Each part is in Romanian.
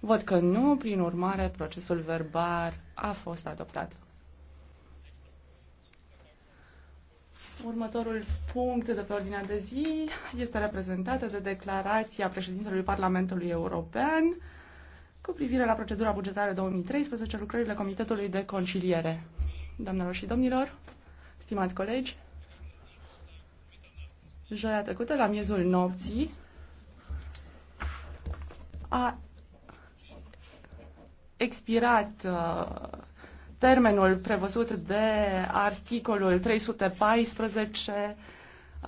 Văd că nu, prin urmare, procesul verbal a fost adoptat. Următorul punct de pe ordinea de zi este reprezentat de declarația președintelui Parlamentului European cu privire la procedura bugetară 2013, lucrările Comitetului de Conciliere. Doamnelor și domnilor, stimați colegi, joia trecută, la miezul nopții, a expirat uh, termenul prevăzut de articolul 314,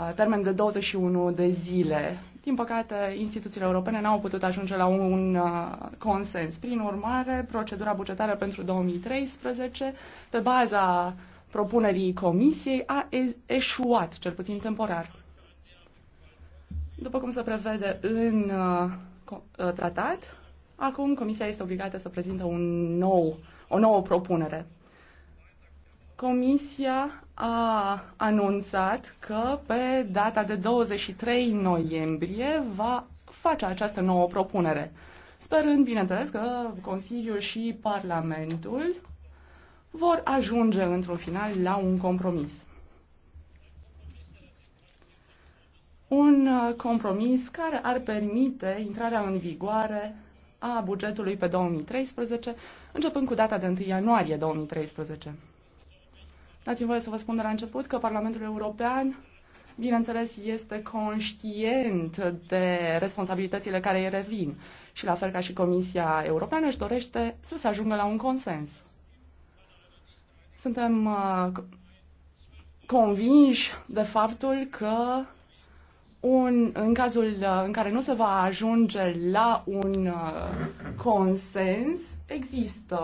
uh, termen de 21 de zile. Din păcate, instituțiile europene n-au putut ajunge la un uh, consens. Prin urmare, procedura bugetară pentru 2013, pe baza propunerii Comisiei, a eșuat, cel puțin temporar. După cum se prevede în tratat, Acum Comisia este obligată să prezintă un nou, o nouă propunere. Comisia a anunțat că pe data de 23 noiembrie va face această nouă propunere, sperând, bineînțeles, că Consiliul și Parlamentul vor ajunge într-un final la un compromis. Un compromis care ar permite intrarea în vigoare a bugetului pe 2013, începând cu data de 1 ianuarie 2013. Dați-mi voie să vă spun de la început că Parlamentul European, bineînțeles, este conștient de responsabilitățile care îi revin și, la fel ca și Comisia Europeană, își dorește să se ajungă la un consens. Suntem uh, convinși de faptul că un, în cazul uh, în care nu se va ajunge la un uh, consens, există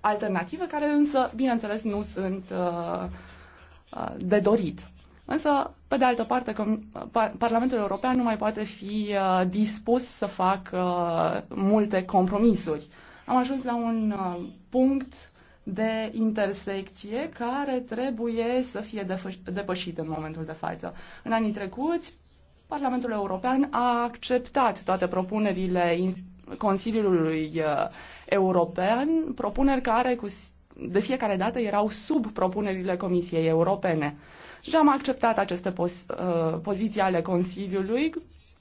alternative care însă, bineînțeles, nu sunt uh, de dorit. Însă, pe de altă parte, Parlamentul European nu mai poate fi dispus să facă multe compromisuri. Am ajuns la un punct de intersecție care trebuie să fie depășit în momentul de față. În anii trecuți, Parlamentul European a acceptat toate propunerile Consiliului uh, European, propuneri care cu, de fiecare dată erau sub propunerile Comisiei Europene. Și am acceptat aceste pos, uh, poziții ale Consiliului,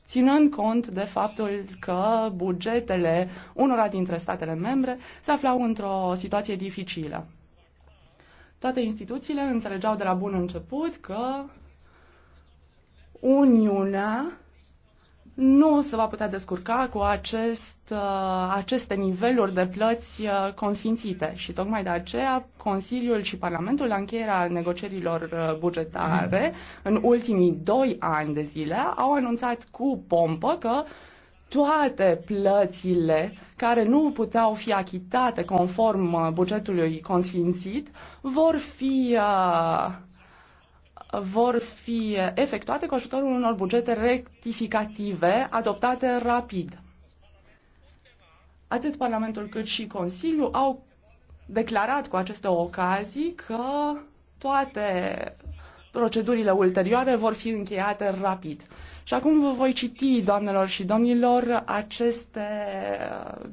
ținând cont de faptul că bugetele unora dintre statele membre se aflau într-o situație dificilă. Toate instituțiile înțelegeau de la bun început că Uniunea nu se va putea descurca cu acest, uh, aceste niveluri de plăți uh, consfințite și tocmai de aceea Consiliul și Parlamentul la încheierea negocierilor uh, bugetare în ultimii doi ani de zile au anunțat cu pompă că toate plățile care nu puteau fi achitate conform bugetului consfințit vor fi uh, vor fi efectuate cu ajutorul unor bugete rectificative adoptate rapid. Atât Parlamentul cât și Consiliul au declarat cu aceste ocazii că toate procedurile ulterioare vor fi încheiate rapid. Și acum vă voi citi, doamnelor și domnilor, aceste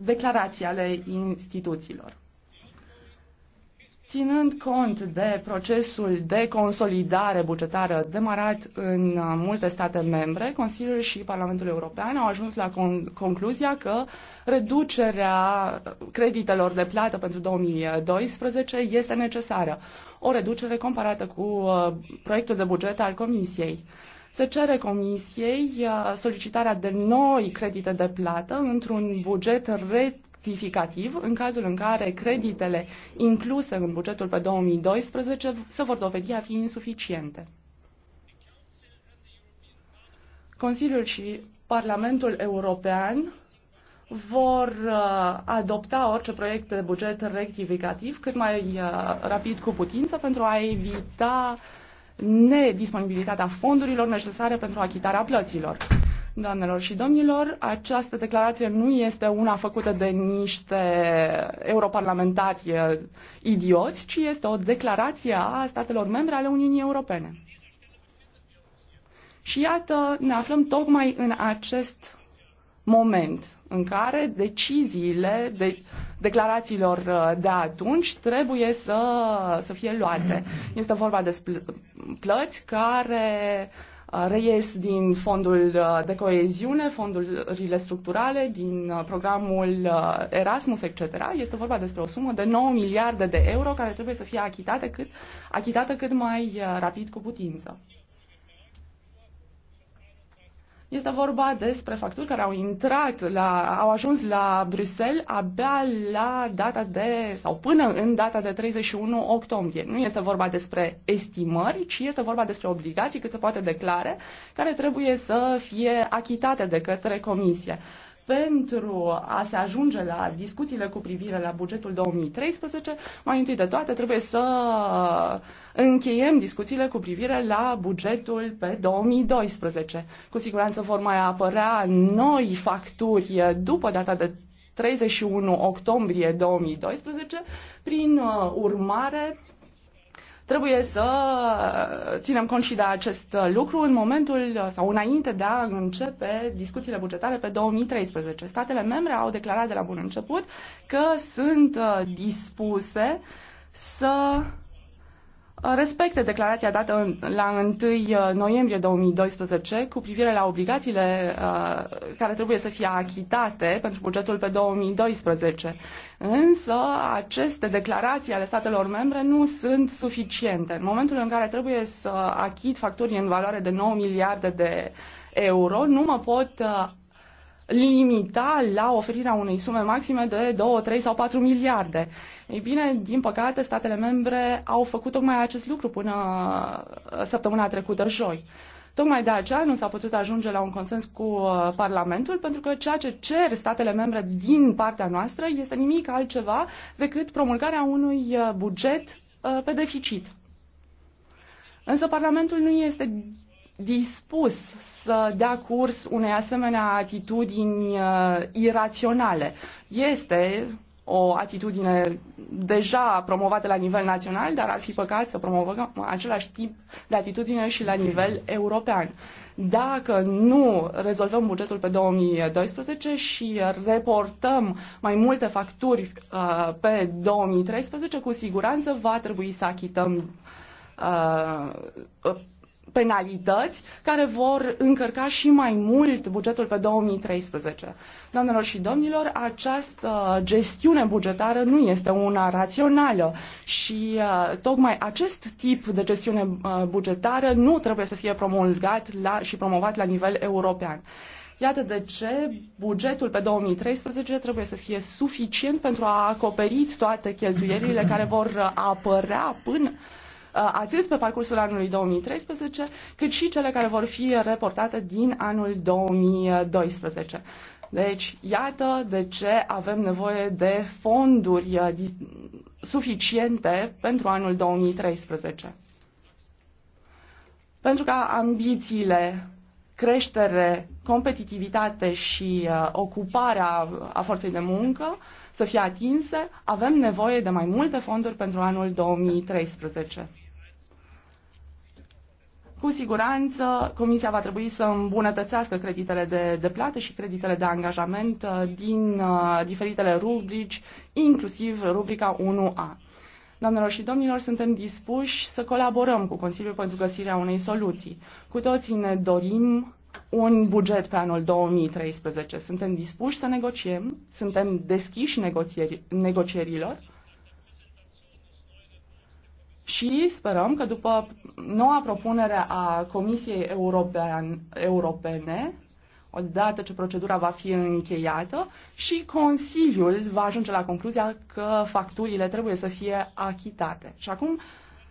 declarații ale instituțiilor. Ținând cont de procesul de consolidare bugetară demarat în uh, multe state membre, Consiliul și Parlamentul European au ajuns la con- concluzia că reducerea creditelor de plată pentru 2012 este necesară, o reducere comparată cu uh, proiectul de buget al Comisiei. Se cere Comisiei uh, solicitarea de noi credite de plată într-un buget re- rectificativ în cazul în care creditele incluse în bugetul pe 2012 se vor dovedi a fi insuficiente. Consiliul și Parlamentul European vor uh, adopta orice proiect de buget rectificativ cât mai uh, rapid cu putință pentru a evita nedisponibilitatea fondurilor necesare pentru achitarea plăților. Doamnelor și domnilor, această declarație nu este una făcută de niște europarlamentari eh, idioți, ci este o declarație a statelor membre ale Uniunii Europene. Și iată, ne aflăm tocmai în acest moment în care deciziile de, declarațiilor eh, de atunci trebuie să, să fie luate. Este vorba de plăți care uh, reies din fondul uh, de coeziune, fondurile structurale, din uh, programul uh, Erasmus, etc. Este vorba despre o sumă de 9 miliarde de euro care trebuie să fie achitate cât, achitată cât mai rapid cu putință. Este vorba despre facturi care au intrat, la, au ajuns la Bruxelles abia la data de, sau până în data de 31 octombrie. Nu este vorba despre estimări, ci este vorba despre obligații cât se poate declare, care trebuie să fie achitate de către Comisie pentru a se ajunge la discuțiile cu privire la bugetul 2013, mai întâi de toate trebuie să încheiem discuțiile cu privire la bugetul pe 2012. Cu siguranță vor mai apărea noi facturi după data de 31 octombrie 2012. Prin uh, urmare, Trebuie să uh, ținem cont și de acest uh, lucru în momentul uh, sau înainte de a începe discuțiile bugetare pe 2013. Statele membre au declarat de la bun început că sunt dispuse să respecte declarația dată la 1 uh, noiembrie 2012 cu privire la obligațiile uh, care trebuie să fie achitate pentru bugetul pe 2012. Însă aceste declarații ale statelor membre nu sunt suficiente. În momentul în care trebuie să achit facturi în valoare de 9 miliarde de euro, nu mă pot uh, limita la oferirea unei sume maxime de 2, 3 sau 4 miliarde. Ei bine, din păcate, statele membre au făcut tocmai acest lucru până uh, săptămâna trecută, joi. Tocmai de aceea nu s-a putut ajunge la un consens cu uh, Parlamentul, pentru că ceea ce cer statele membre din partea noastră este nimic altceva decât promulgarea unui uh, buget pe deficit. Însă Parlamentul nu este dispus să dea curs unei asemenea atitudini uh, iraționale. Este o atitudine deja promovată la nivel național, dar ar fi păcat să promovăm același tip de atitudine și la nivel european. Dacă nu rezolvăm bugetul pe 2012 și reportăm mai multe facturi uh, pe 2013, cu siguranță va trebui să achităm uh, penalități care vor încărca și mai mult bugetul pe 2013. Doamnelor și domnilor, această gestiune bugetară nu este una rațională și uh, tocmai acest tip de gestiune uh, bugetară nu trebuie să fie promulgat la, și promovat la nivel european. Iată de ce bugetul pe 2013 trebuie să fie suficient pentru a acoperi toate cheltuielile care vor uh, apărea până Uh, atât pe parcursul anului 2013, cât și cele care vor fi reportate din anul 2012. Deci, iată de ce avem nevoie de fonduri uh, suficiente pentru anul 2013. Pentru ca ambițiile creștere, competitivitate și uh, ocuparea uh, a forței de muncă să fie atinse, avem nevoie de mai multe fonduri pentru anul 2013 cu siguranță Comisia va trebui să îmbunătățească creditele de, de plată și creditele de angajament uh, din uh, diferitele rubrici, inclusiv rubrica 1A. Doamnelor și domnilor, suntem dispuși să colaborăm cu Consiliul pentru găsirea unei soluții. Cu toții ne dorim un buget pe anul 2013. Suntem dispuși să negociem, suntem deschiși negocieri, negocierilor și sperăm că după noua propunere a Comisiei European, Europene, odată ce procedura va fi încheiată, și Consiliul va ajunge la concluzia că facturile trebuie să fie achitate. Și acum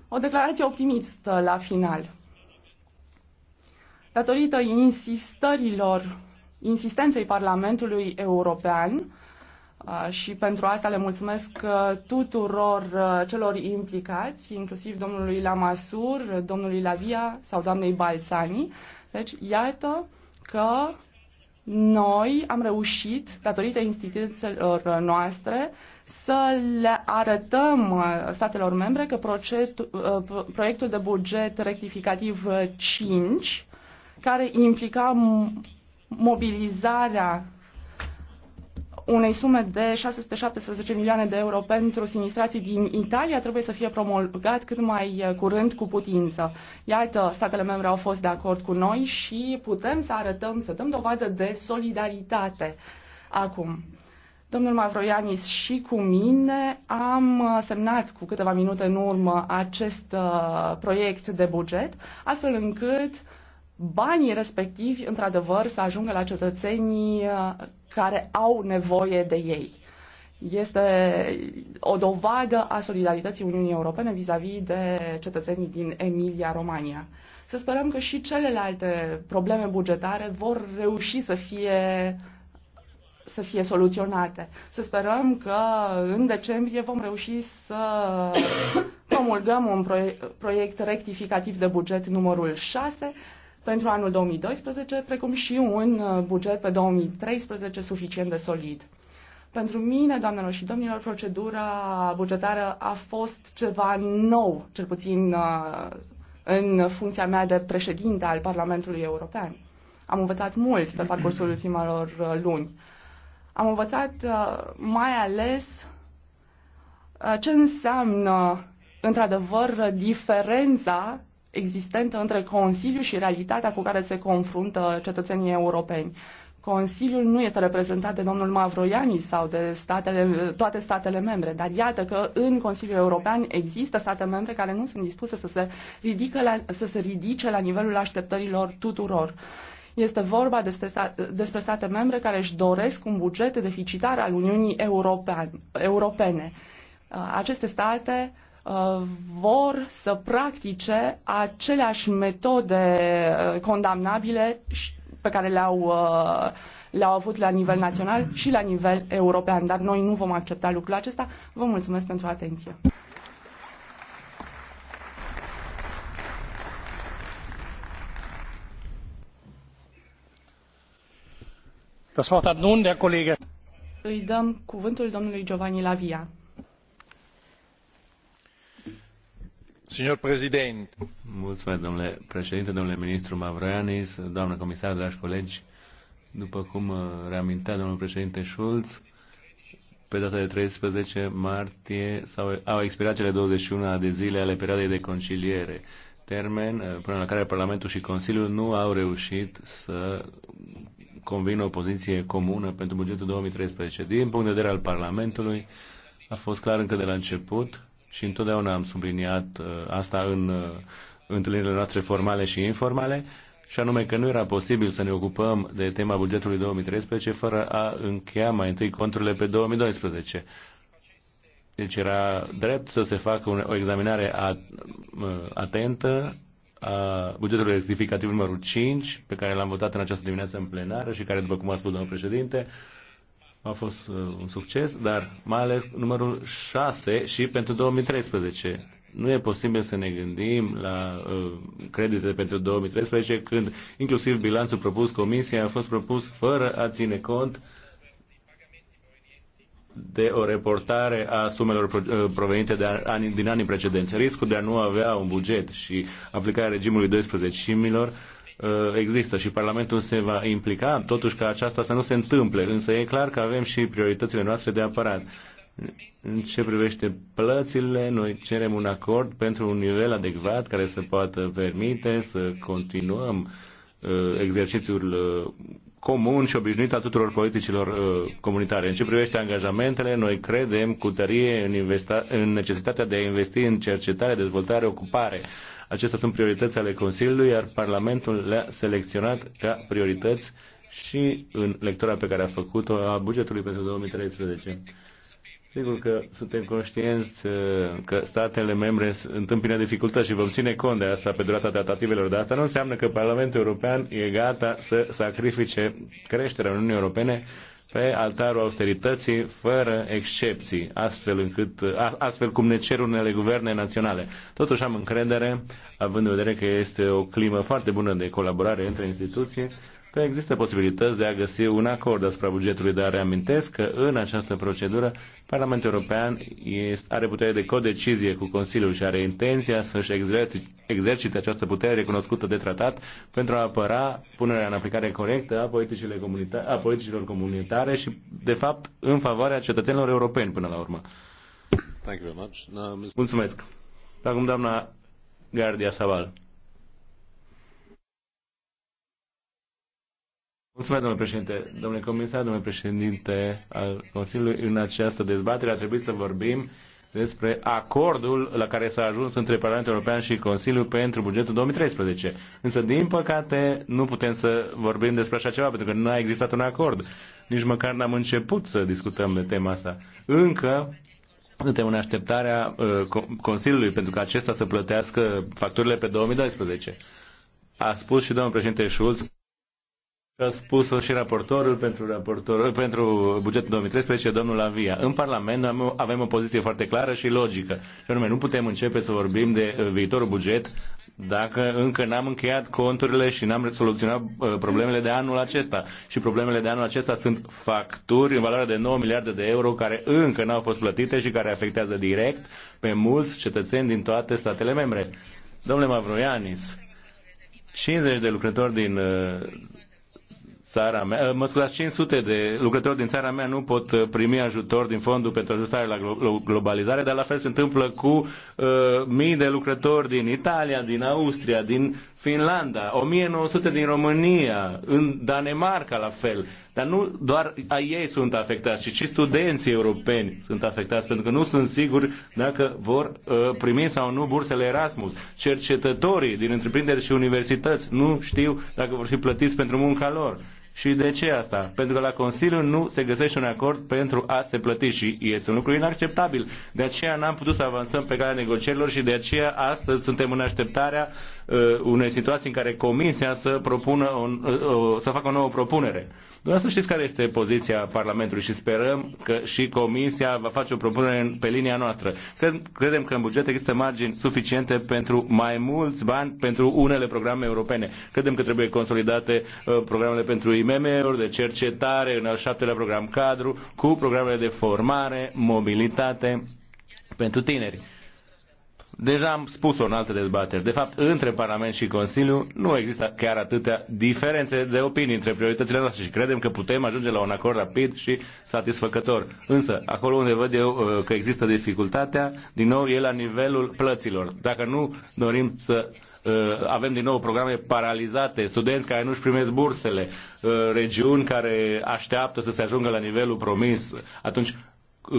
o declarație optimistă la final. Datorită insistărilor, insistenței Parlamentului European, și pentru asta le mulțumesc uh, tuturor uh, celor implicați, inclusiv domnului Lamasur, domnului Lavia sau doamnei Balțani. Deci, iată că noi am reușit, datorită instituțiilor uh, noastre, să le arătăm statelor membre că proiectul de buget rectificativ 5, care implica mobilizarea unei sume de 617 milioane de euro pentru sinistrații din Italia trebuie să fie promulgat cât mai uh, curând cu putință. Iată, statele membre au fost de acord cu noi și putem să arătăm, să dăm dovadă de solidaritate. Acum, domnul Mavroianis și cu mine am uh, semnat cu câteva minute în urmă acest uh, proiect de buget, astfel încât banii respectivi, într-adevăr, să ajungă la cetățenii care au nevoie de ei. Este o dovadă a solidarității Uniunii Europene vis-a-vis -vis de cetățenii din Emilia-Romania. Să sperăm că și celelalte probleme bugetare vor reuși să fie să fie soluționate. Să sperăm că în decembrie vom reuși să promulgăm un proiect rectificativ de buget numărul 6 pentru anul 2012, precum și un uh, buget pe 2013 suficient de solid. Pentru mine, doamnelor și domnilor, procedura bugetară a fost ceva nou, cel puțin uh, în funcția mea de președinte al Parlamentului European. Am învățat mult pe parcursul ultimelor uh, luni. Am învățat mai ales ce înseamnă, într-adevăr, diferența existente între Consiliu și realitatea cu care se confruntă cetățenii europeni. Consiliul nu este reprezentat de domnul Mavroiani sau de statele, toate statele membre, dar iată că în Consiliul European există state membre care nu sunt dispuse să se, ridică la, să se ridice la nivelul așteptărilor tuturor. Este vorba despre, despre state membre care își doresc un buget deficitar al Uniunii Europeane. Europene. Aceste state Uh, vor să practice aceleași metode uh, condamnabile pe care le-au uh, le-au avut la nivel național și la nivel european, dar noi nu vom accepta lucrul acesta. Vă mulțumesc pentru atenție. Das Wort hat nun der Kollege. Îi dăm cuvântul domnului Giovanni Lavia. Mulțumesc, domnule președinte, domnule ministru Mavroianis, doamnă comisar, dragi colegi. După cum uh, reamintea domnul președinte Schulz, pe data de 13 martie s-au, au expirat cele 21 de zile ale perioadei de conciliere, termen uh, până la care Parlamentul și Consiliul nu au reușit să convină o poziție comună pentru bugetul 2013. Din punct de vedere al Parlamentului, a fost clar încă de la început și întotdeauna am subliniat uh, asta în uh, întâlnirile noastre formale și informale, și anume că nu era posibil să ne ocupăm de tema bugetului 2013 fără a încheia mai întâi conturile pe 2012. Deci era drept să se facă o examinare uh, atentă a bugetului rectificativ numărul 5, pe care l-am votat în această dimineață în plenară și care, după cum a spus domnul președinte, a fost uh, un succes, dar mai ales numărul 6 și pentru 2013. Nu e posibil să ne gândim la uh, credite pentru 2013 când inclusiv bilanțul propus Comisiei a fost propus fără a ține cont de o reportare a sumelor uh, provenite de anii, din anii precedenți. Riscul de a nu avea un buget și aplicarea regimului 12 milor Uh, există și Parlamentul se va implica, totuși ca aceasta să nu se întâmple, însă e clar că avem și prioritățile noastre de apărat. În ce privește plățile, noi cerem un acord pentru un nivel adecvat care să poată permite să continuăm uh, exercițiul uh, comun și obișnuit a tuturor politicilor comunitare. În ce privește angajamentele, noi credem cu tărie în, în necesitatea de a investi în cercetare, dezvoltare, ocupare. Acestea sunt priorități ale Consiliului, iar Parlamentul le-a selecționat ca priorități și în lectura pe care a făcut-o a bugetului pentru 2013. Sigur că suntem conștienți uh, că statele membre întâmpină dificultăți și vom ține cont de asta pe durata tratativelor, dar asta nu înseamnă că Parlamentul European e gata să sacrifice creșterea Uniunii Europene pe altarul austerității fără excepții, astfel, încât, astfel cum ne cer unele guverne naționale. Totuși am încredere, având în vedere că este o climă foarte bună de colaborare între instituții, că există posibilități de a găsi un acord asupra bugetului, dar reamintesc că în această procedură Parlamentul European are putere de codecizie cu Consiliul și are intenția să-și exercite această putere recunoscută de tratat pentru a apăra punerea în aplicare corectă a, politicile comunitare, a politicilor comunitare și, de fapt, în favoarea cetățenilor europeni până la urmă. Thank you very much. No, Mulțumesc. Acum doamna Gardia Saval. Mulțumesc, domnule președinte. Domnule comisar, domnule președinte al Consiliului, în această dezbatere a trebuit să vorbim despre acordul la care s-a ajuns între Parlamentul European și Consiliul pentru bugetul 2013. Însă, din păcate, nu putem să vorbim despre așa ceva, pentru că nu a existat un acord. Nici măcar n-am început să discutăm de tema asta. Încă suntem în așteptarea uh, Consiliului pentru că acesta să plătească facturile pe 2012. A spus și domnul președinte Schulz a spus-o și raportorul pentru, raportor, pentru bugetul 2013, domnul Avia. În Parlament avem o poziție foarte clară și logică. Și anume, nu putem începe să vorbim de uh, viitorul buget dacă încă n-am încheiat conturile și n-am soluționat uh, problemele de anul acesta. Și problemele de anul acesta sunt facturi în valoare de 9 miliarde de euro care încă n-au fost plătite și care afectează direct pe mulți cetățeni din toate statele membre. Domnule Mavroianis, 50 de lucrători din uh, țara mea, uh, mă scuzați, 500 de lucrători din țara mea nu pot uh, primi ajutor din Fondul pentru Ajustare la Globalizare, dar la fel se întâmplă cu uh, mii de lucrători din Italia, din Austria, din Finlanda, 1900 din România, în Danemarca la fel. Dar nu doar a ei sunt afectați, ci și studenții europeni sunt afectați, pentru că nu sunt siguri dacă vor uh, primi sau nu bursele Erasmus. Cercetătorii din întreprinderi și universități nu știu dacă vor fi plătiți pentru munca lor. Și de ce asta? Pentru că la Consiliu nu se găsește un acord pentru a se plăti și este un lucru inacceptabil. De aceea n-am putut să avansăm pe calea negocierilor și de aceea astăzi suntem în așteptarea Uh, unei situații în care Comisia să, propună uh, o, să facă o nouă propunere. Doar să știți care este poziția Parlamentului și sperăm că și Comisia va face o propunere pe linia noastră. Credem că în buget există margini suficiente pentru mai mulți bani pentru unele programe europene. Credem că trebuie consolidate uh, programele pentru IMM-uri, de cercetare, în al șaptelea program cadru, cu programele de formare, mobilitate pentru tineri Deja am spus-o în alte dezbateri. De fapt, între Parlament și Consiliu nu există chiar atâtea diferențe de opinii între prioritățile noastre și credem că putem ajunge la un acord rapid și satisfăcător. Însă, acolo unde văd eu uh, că există dificultatea, din nou e la nivelul plăților. Dacă nu dorim să uh, avem din nou programe paralizate, studenți care nu-și primesc bursele, uh, regiuni care așteaptă să se ajungă la nivelul promis, atunci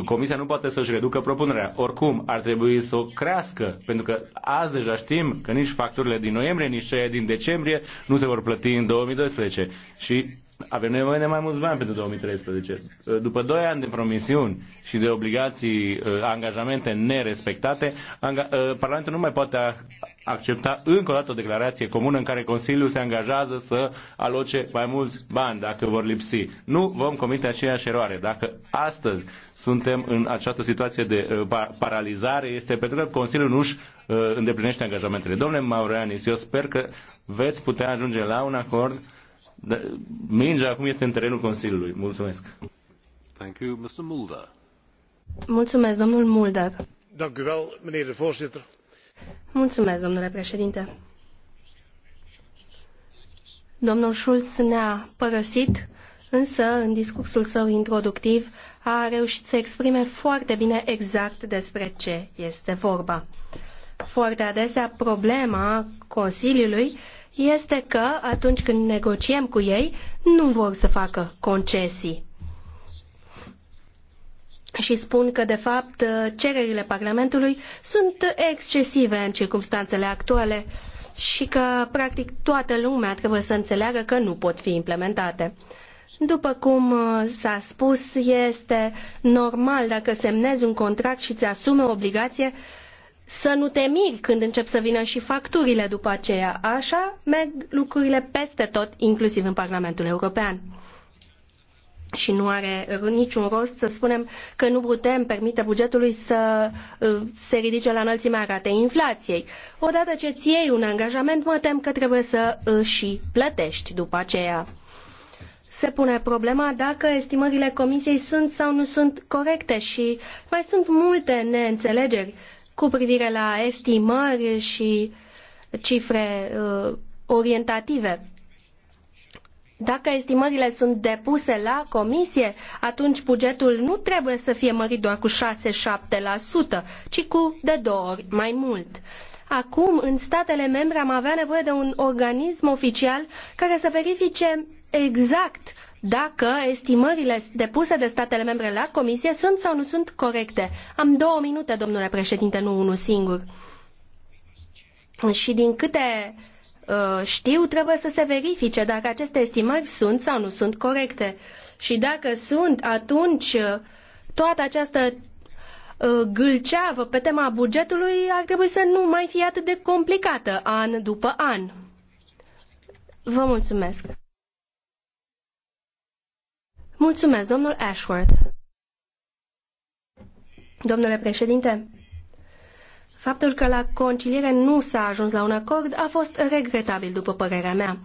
Comisia nu poate să-și reducă propunerea. Oricum, ar trebui să o crească, pentru că azi deja știm că nici facturile din noiembrie, nici cele din decembrie nu se vor plăti în 2012. Și avem nevoie de mai mulți bani pentru 2013. Uh, după 2 ani de promisiuni și de obligații, uh, angajamente nerespectate, uh, Parlamentul nu mai poate accepta încă o dată o declarație comună în care Consiliul se angajează să aloce mai mulți bani dacă vor lipsi. Nu vom comite aceeași eroare. Dacă astăzi suntem în această situație de paralizare, este pentru că Consiliul nu își îndeplinește angajamentele. Domnule Maureanis, eu sper că veți putea ajunge la un acord da, mingea acum este în terenul Consiliului. Mulțumesc. Thank you, Mr. Mulder. Mulțumesc, domnul Mulder. Dank u wel, meneer de voorzitter. Mulțumesc, domnule președinte. Domnul Schulz ne-a părăsit, însă în discursul său introductiv a reușit să exprime foarte bine exact despre ce este vorba. Foarte adesea problema Consiliului este că atunci când negociem cu ei, nu vor să facă concesii. Și spun că, de fapt, cererile Parlamentului sunt excesive în circumstanțele actuale și că, practic, toată lumea trebuie să înțeleagă că nu pot fi implementate. După cum uh, s-a spus, este normal dacă semnezi un contract și îți asumi o obligație să nu te miri când încep să vină și facturile după aceea. Așa merg lucrurile peste tot, inclusiv în Parlamentul European. Și nu are niciun rost să spunem că nu putem permite bugetului să uh, se ridice la înălțimea ratei inflației. Odată ce ți iei un angajament, mă tem că trebuie să uh, și plătești după aceea. Se pune problema dacă estimările comisiei sunt sau nu sunt corecte și mai sunt multe neînțelegeri cu privire la estimări și cifre uh, orientative. Dacă estimările sunt depuse la comisie, atunci bugetul nu trebuie să fie mărit doar cu 6-7%, ci cu de două ori mai mult. Acum, în statele membre, am avea nevoie de un organism oficial care să verifice exact dacă estimările depuse de statele membre la Comisie sunt sau nu sunt corecte. Am două minute, domnule președinte, nu unul singur. Și din câte uh, știu, trebuie să se verifice dacă aceste estimări sunt sau nu sunt corecte. Și dacă sunt, atunci uh, toată această uh, gâlceavă pe tema bugetului ar trebui să nu mai fie atât de complicată an după an. Vă mulțumesc! Mulțumesc, domnul Ashworth. Domnule președinte, faptul că la conciliere nu s-a ajuns la un acord a fost regretabil, după părerea mea.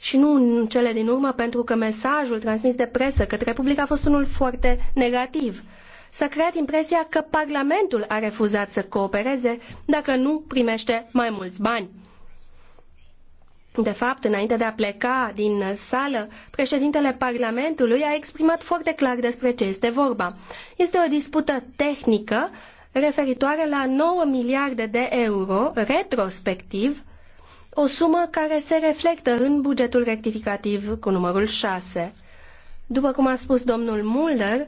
Și nu în cele din urmă, pentru că mesajul transmis de presă către public a fost unul foarte negativ. S-a creat impresia că Parlamentul a refuzat să coopereze dacă nu primește mai mulți bani. De fapt, înainte de a pleca din sală, președintele Parlamentului a exprimat foarte clar despre ce este vorba. Este o dispută tehnică referitoare la 9 miliarde de euro, retrospectiv, o sumă care se reflectă în bugetul rectificativ cu numărul 6. După cum a spus domnul Mulder,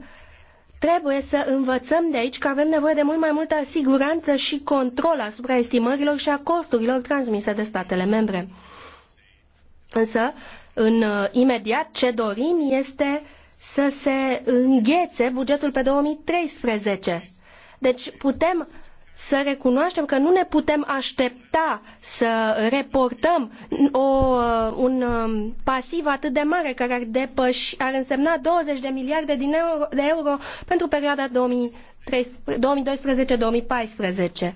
trebuie să învățăm de aici că avem nevoie de mult mai multă siguranță și control asupra estimărilor și a costurilor transmise de statele membre. Însă, în uh, imediat, ce dorim este să se înghețe bugetul pe 2013. Deci putem să recunoaștem că nu ne putem aștepta să reportăm o, uh, un um, pasiv atât de mare care ar, depăși, ar însemna 20 de miliarde din euro, de euro pentru perioada 2012-2014.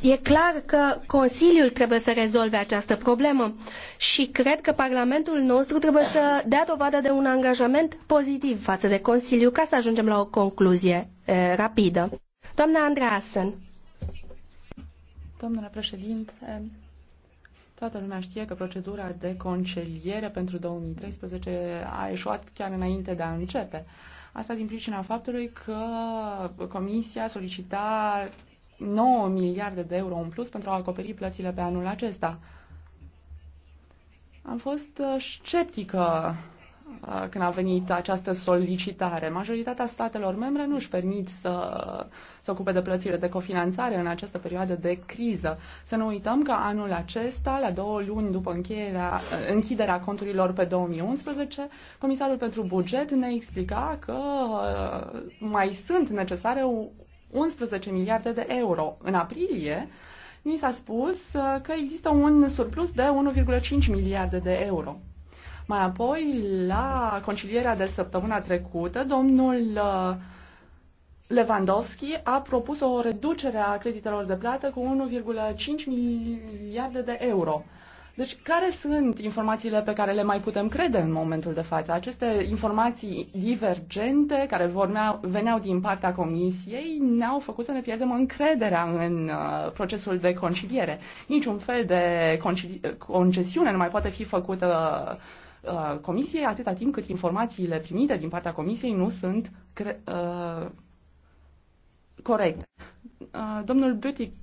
E clar că Consiliul trebuie să rezolve această problemă și cred că Parlamentul nostru trebuie să dea dovadă de un angajament pozitiv față de Consiliu ca să ajungem la o concluzie e, rapidă. Doamna Andreasen. Domnule președinte, toată lumea știe că procedura de conciliere pentru 2013 a eșuat chiar înainte de a începe. Asta din pricina faptului că Comisia solicita 9 miliarde de euro în plus pentru a acoperi plățile pe anul acesta. Am fost uh, sceptică uh, când a venit această solicitare. Majoritatea statelor membre nu își permit să se ocupe de plățile de cofinanțare în această perioadă de criză. Să nu uităm că anul acesta, la două luni după încheierea, uh, închiderea conturilor pe 2011, Comisarul pentru Buget ne explica că mai sunt necesare 11 miliarde de euro. În aprilie ni s-a spus uh, că există un surplus de 1,5 miliarde de euro. Mai apoi, la concilierea de săptămâna trecută, domnul uh, Lewandowski a propus o reducere a creditelor de plată cu 1,5 miliarde de euro. Deci, care sunt informațiile pe care le mai putem crede în momentul de față? Aceste informații divergente care vor veneau din partea Comisiei ne-au făcut să ne pierdem încrederea în uh, procesul de conciliere. Niciun fel de concesiune nu mai poate fi făcută uh, Comisiei atâta timp cât informațiile primite din partea Comisiei nu sunt uh, corecte. Uh, domnul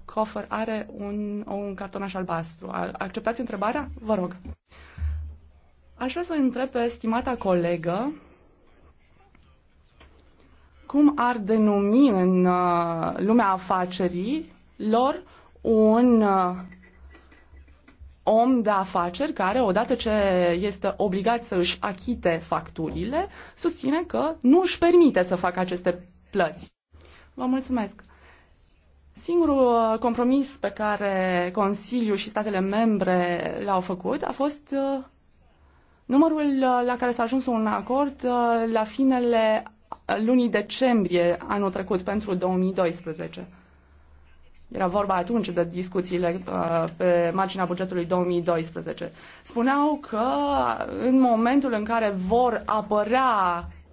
Coffer are un, un cartonaș albastru. Acceptați întrebarea? Vă rog. Aș vrea să o întreb pe stimata colegă cum ar denumi în uh, lumea afacerii lor un uh, om de afaceri care, odată ce este obligat să își achite facturile, susține că nu își permite să facă aceste plăți. Vă mulțumesc. Singurul uh, compromis pe care Consiliul și statele membre l-au făcut a fost uh, numărul uh, la care s-a ajuns un acord la finele lunii decembrie anul trecut pentru 2012. Era vorba atunci de discuțiile pe marginea bugetului 2012. Spuneau că în momentul în care vor apărea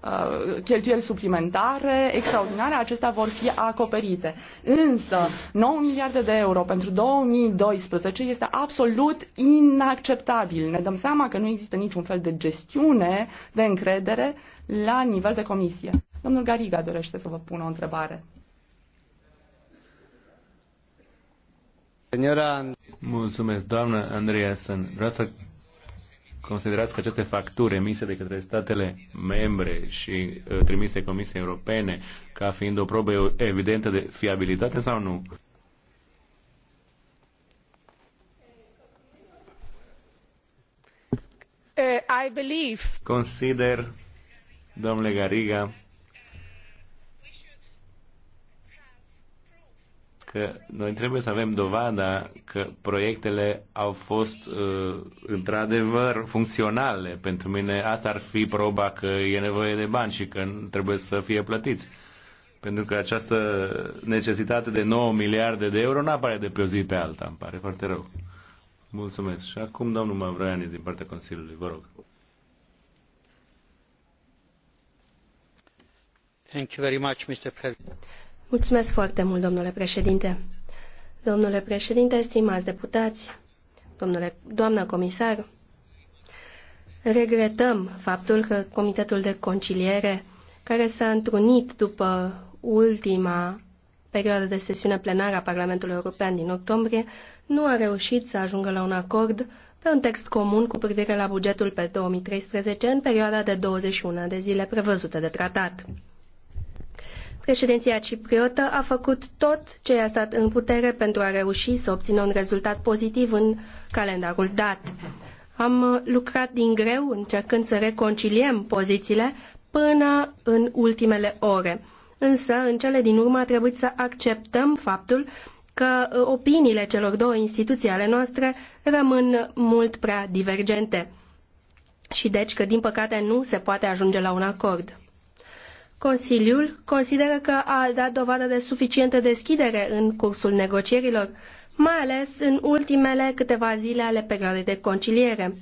Uh, cheltuieli suplimentare extraordinare, acestea vor fi acoperite. Însă, 9 miliarde de euro pentru 2012 este absolut inacceptabil. Ne dăm seama că nu există niciun fel de gestiune de încredere la nivel de comisie. Domnul Gariga dorește să vă pună o întrebare. Mulțumesc, doamnă Andreea Vreau să considerați că aceste facturi emise de către statele membre și uh, trimise Comisiei Europene ca fiind o probă evidentă de fiabilitate sau nu? Uh, I believe. Consider, domnule Gariga, că noi trebuie să avem dovada că proiectele au fost uh, într-adevăr funcționale. Pentru mine asta ar fi proba că e nevoie de bani și că trebuie să fie plătiți. Pentru că această necesitate de 9 miliarde de euro nu apare de pe o zi pe alta. Îmi pare foarte rău. Mulțumesc. Și acum domnul Mavroiani din partea Consiliului, vă rog. Thank you very much, Mr. President. Mulțumesc foarte mult, domnule președinte. Domnule președinte, stimați deputați, domnule, doamna comisar, regretăm faptul că Comitetul de Conciliere, care s-a întrunit după ultima perioadă de sesiune plenară a Parlamentului European din octombrie, nu a reușit să ajungă la un acord pe un text comun cu privire la bugetul pe 2013 în perioada de 21 de zile prevăzute de tratat. Președinția cipriotă a făcut tot ce i-a stat în putere pentru a reuși să obțină un rezultat pozitiv în calendarul dat. Am lucrat din greu încercând să reconciliem pozițiile până în ultimele ore. Însă, în cele din urmă, a trebuit să acceptăm faptul că uh, opiniile celor două instituții ale noastre rămân mult prea divergente și deci că, din păcate, nu se poate ajunge la un acord. Consiliul consideră că a dat dovadă de suficientă deschidere în cursul negocierilor, mai ales în ultimele câteva zile ale perioadei de conciliere.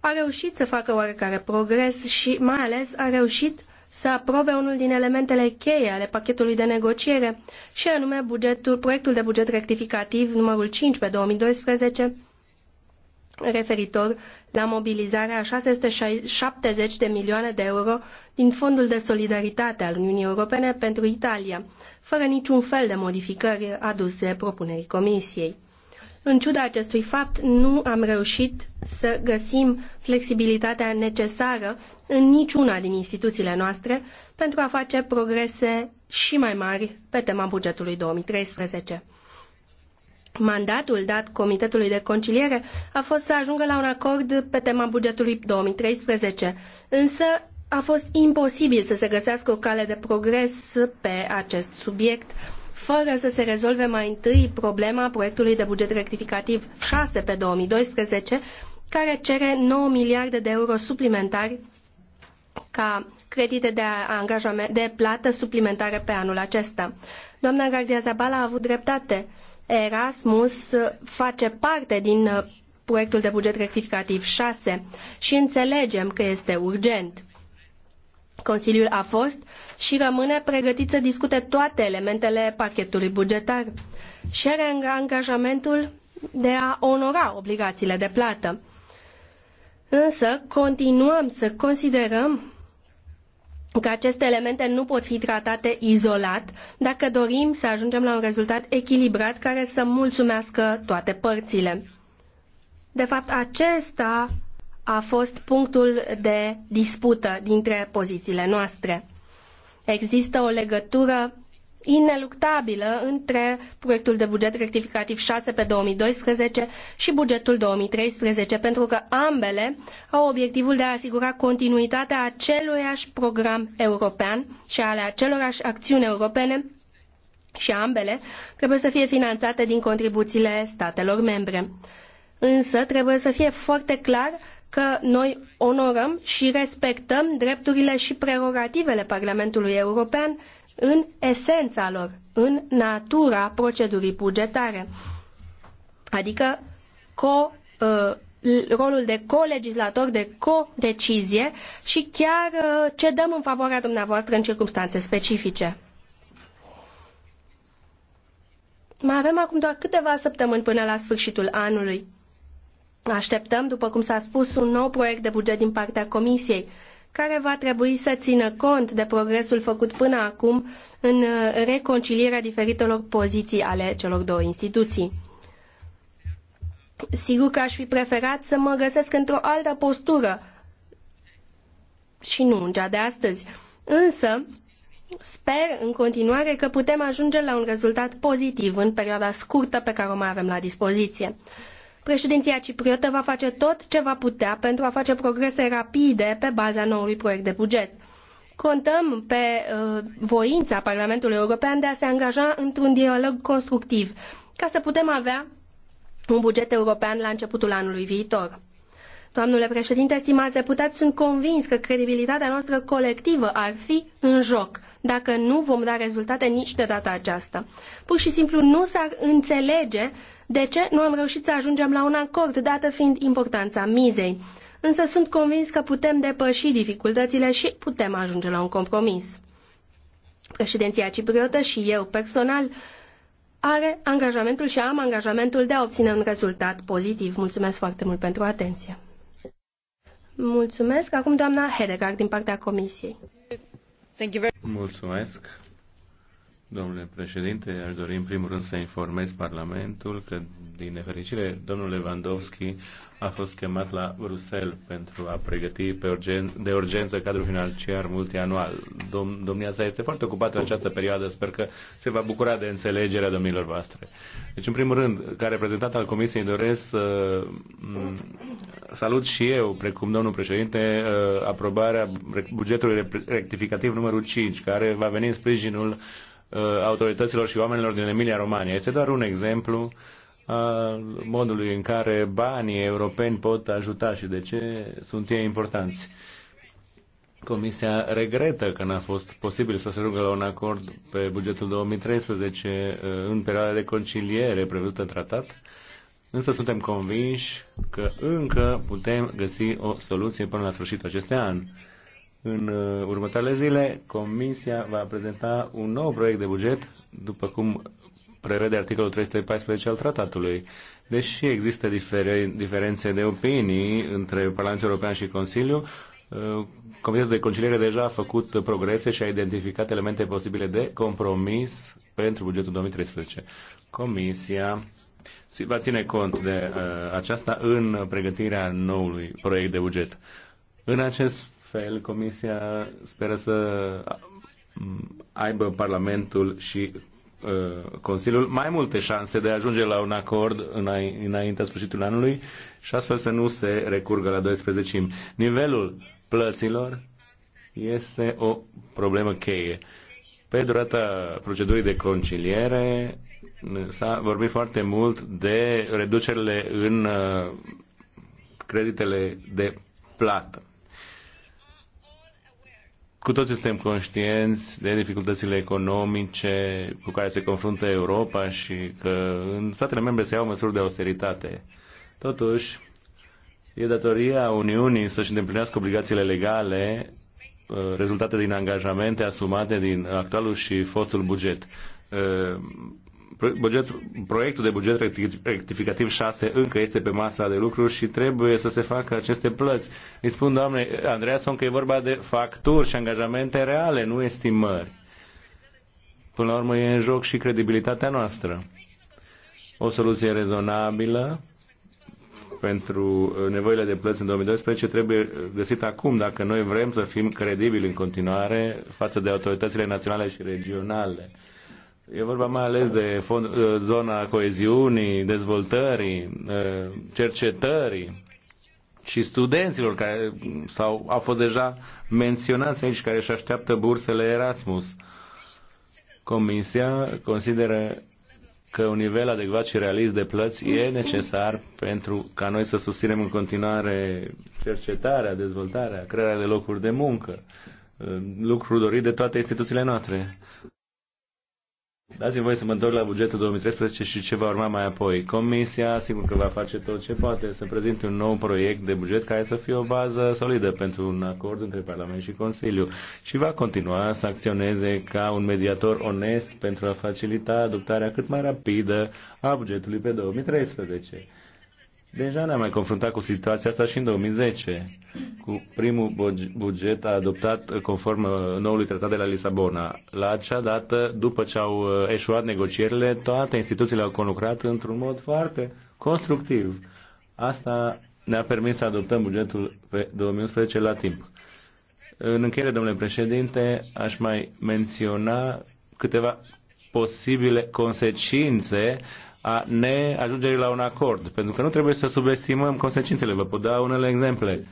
A reușit să facă oarecare progres și mai ales a reușit să aprobe unul din elementele cheie ale pachetului de negociere, și anume bugetul, proiectul de buget rectificativ numărul 5 pe 2012, referitor la mobilizarea a 670 de milioane de euro din Fondul de Solidaritate al Uniunii Europene pentru Italia, fără niciun fel de modificări aduse propunerii Comisiei. În ciuda acestui fapt, nu am reușit să găsim flexibilitatea necesară în niciuna din instituțiile noastre pentru a face progrese și mai mari pe tema bugetului 2013. Mandatul dat Comitetului de Conciliere a fost să ajungă la un acord pe tema bugetului 2013, însă a fost imposibil să se găsească o cale de progres pe acest subiect, fără să se rezolve mai întâi problema proiectului de buget rectificativ 6 pe 2012, care cere 9 miliarde de euro suplimentari ca credite de, angajament, de plată suplimentare pe anul acesta. Doamna Gardia Zabala a avut dreptate. Erasmus face parte din uh, proiectul de buget rectificativ 6 și înțelegem că este urgent. Consiliul a fost și rămâne pregătit să discute toate elementele pachetului bugetar și are angajamentul de a onora obligațiile de plată. Însă continuăm să considerăm că aceste elemente nu pot fi tratate izolat dacă dorim să ajungem la un rezultat echilibrat care să mulțumească toate părțile. De fapt, acesta a fost punctul de dispută dintre pozițiile noastre. Există o legătură ineluctabilă între proiectul de buget rectificativ 6 pe 2012 și bugetul 2013, pentru că ambele au obiectivul de a asigura continuitatea aceluiași program european și ale acelorași acțiuni europene și ambele trebuie să fie finanțate din contribuțiile statelor membre. Însă trebuie să fie foarte clar că noi onorăm și respectăm drepturile și prerogativele Parlamentului European în esența lor, în natura procedurii bugetare, adică co, uh, rolul de co-legislator, de co-decizie și chiar uh, ce dăm în favoarea dumneavoastră în circunstanțe specifice. Mai avem acum doar câteva săptămâni până la sfârșitul anului. Așteptăm, după cum s-a spus, un nou proiect de buget din partea Comisiei care va trebui să țină cont de progresul făcut până acum în uh, reconcilierea diferitelor poziții ale celor două instituții. Sigur că aș fi preferat să mă găsesc într-o altă postură și nu în cea de astăzi. Însă, sper în continuare că putem ajunge la un rezultat pozitiv în perioada scurtă pe care o mai avem la dispoziție. Președinția cipriotă va face tot ce va putea pentru a face progrese rapide pe baza noului proiect de buget. Contăm pe uh, voința Parlamentului European de a se angaja într-un dialog constructiv, ca să putem avea un buget european la începutul anului viitor. Doamnule președinte, stimați deputați, sunt convins că credibilitatea noastră colectivă ar fi în joc dacă nu vom da rezultate nici de data aceasta. Pur și simplu nu s-ar înțelege de ce nu am reușit să ajungem la un acord, dată fiind importanța mizei? Însă sunt convins că putem depăși dificultățile și putem ajunge la un compromis. Președinția cipriotă și eu personal are angajamentul și am angajamentul de a obține un rezultat pozitiv. Mulțumesc foarte mult pentru atenție. Mulțumesc. Acum doamna Hedegaard din partea Comisiei. Mulțumesc. Domnule președinte, aș dori în primul rând să informez Parlamentul că, din nefericire, domnul Lewandowski a fost chemat la Bruxelles pentru a pregăti pe urgen- de urgență cadrul financiar multianual. Dom- domnia sa este foarte ocupată în această perioadă, sper că se va bucura de înțelegerea domnilor voastre. Deci, în primul rând, ca reprezentant al Comisiei, doresc să salut și eu, precum domnul președinte, uh, aprobarea bugetului rectificativ numărul 5, care va veni în sprijinul Uh, autorităților și oamenilor din Emilia-Romania. Este doar un exemplu a modului în care banii europeni pot ajuta și de ce sunt ei importanți. Comisia regretă că n-a fost posibil să se rugă la un acord pe bugetul 2013 uh, în perioada de conciliere prevăzută în tratat, însă suntem convinși că încă putem găsi o soluție până la sfârșitul acestui an. În uh, următoarele zile, Comisia va prezenta un nou proiect de buget, după cum prevede articolul 314 al tratatului. Deși există diferențe de opinii între Parlamentul European și Consiliu, uh, Comitetul de Conciliere deja a făcut progrese și a identificat elemente posibile de compromis pentru bugetul 2013. Comisia va ține cont de uh, aceasta în pregătirea noului proiect de buget. În acest fel, Comisia speră să mm, aibă Parlamentul și uh, Consiliul mai multe șanse de a ajunge la un acord înaintea sfârșitului anului și astfel să nu se recurgă la 12. Nivelul plăților este o problemă cheie. Pe durata procedurii de conciliere s-a vorbit foarte mult de reducerile în uh, creditele de plată cu toți suntem conștienți de dificultățile economice cu care se confruntă Europa și că în statele membre se iau măsuri de austeritate. Totuși, e datoria Uniunii să-și îndeplinească obligațiile legale uh, rezultate din angajamente asumate din actualul și fostul buget uh, buget, proiectul de buget rectificativ 6 încă este pe masa de lucru și trebuie să se facă aceste plăți. Îi spun, doamne sunt că e vorba de facturi și angajamente reale, nu estimări. Până la urmă e în joc și credibilitatea noastră. O soluție rezonabilă pentru nevoile de plăți în 2012 trebuie găsit acum, dacă noi vrem să fim credibili în continuare față de autoritățile naționale și regionale. E vorba mai ales de fond, uh, zona coeziunii, dezvoltării, uh, cercetării și studenților care sau au fost deja menționați aici, care își așteaptă bursele Erasmus. Comisia consideră că un nivel adecvat și realist de plăți e necesar pentru ca noi să susținem în continuare cercetarea, dezvoltarea, crearea de locuri de muncă, uh, lucru dorit de toate instituțiile noastre. Dați-mi voie să mă întorc la bugetul 2013 și ce va urma mai apoi. Comisia, sigur că va face tot ce poate să prezinte un nou proiect de buget care să fie o bază solidă pentru un acord între Parlament și Consiliu și va continua să acționeze ca un mediator onest pentru a facilita adoptarea cât mai rapidă a bugetului pe 2013. Deja ne-am mai confruntat cu situația asta și în 2010, cu primul buget adoptat conform uh, noului tratat de la Lisabona. La acea dată, după ce au uh, eșuat negocierile, toate instituțiile au conlucrat într-un mod foarte constructiv. Asta ne-a permis să adoptăm bugetul pe 2011 la timp. În încheiere, domnule președinte, aș mai menționa câteva posibile consecințe a ne ajunge la un acord, pentru că nu trebuie să subestimăm consecințele. Vă pot da unele exemple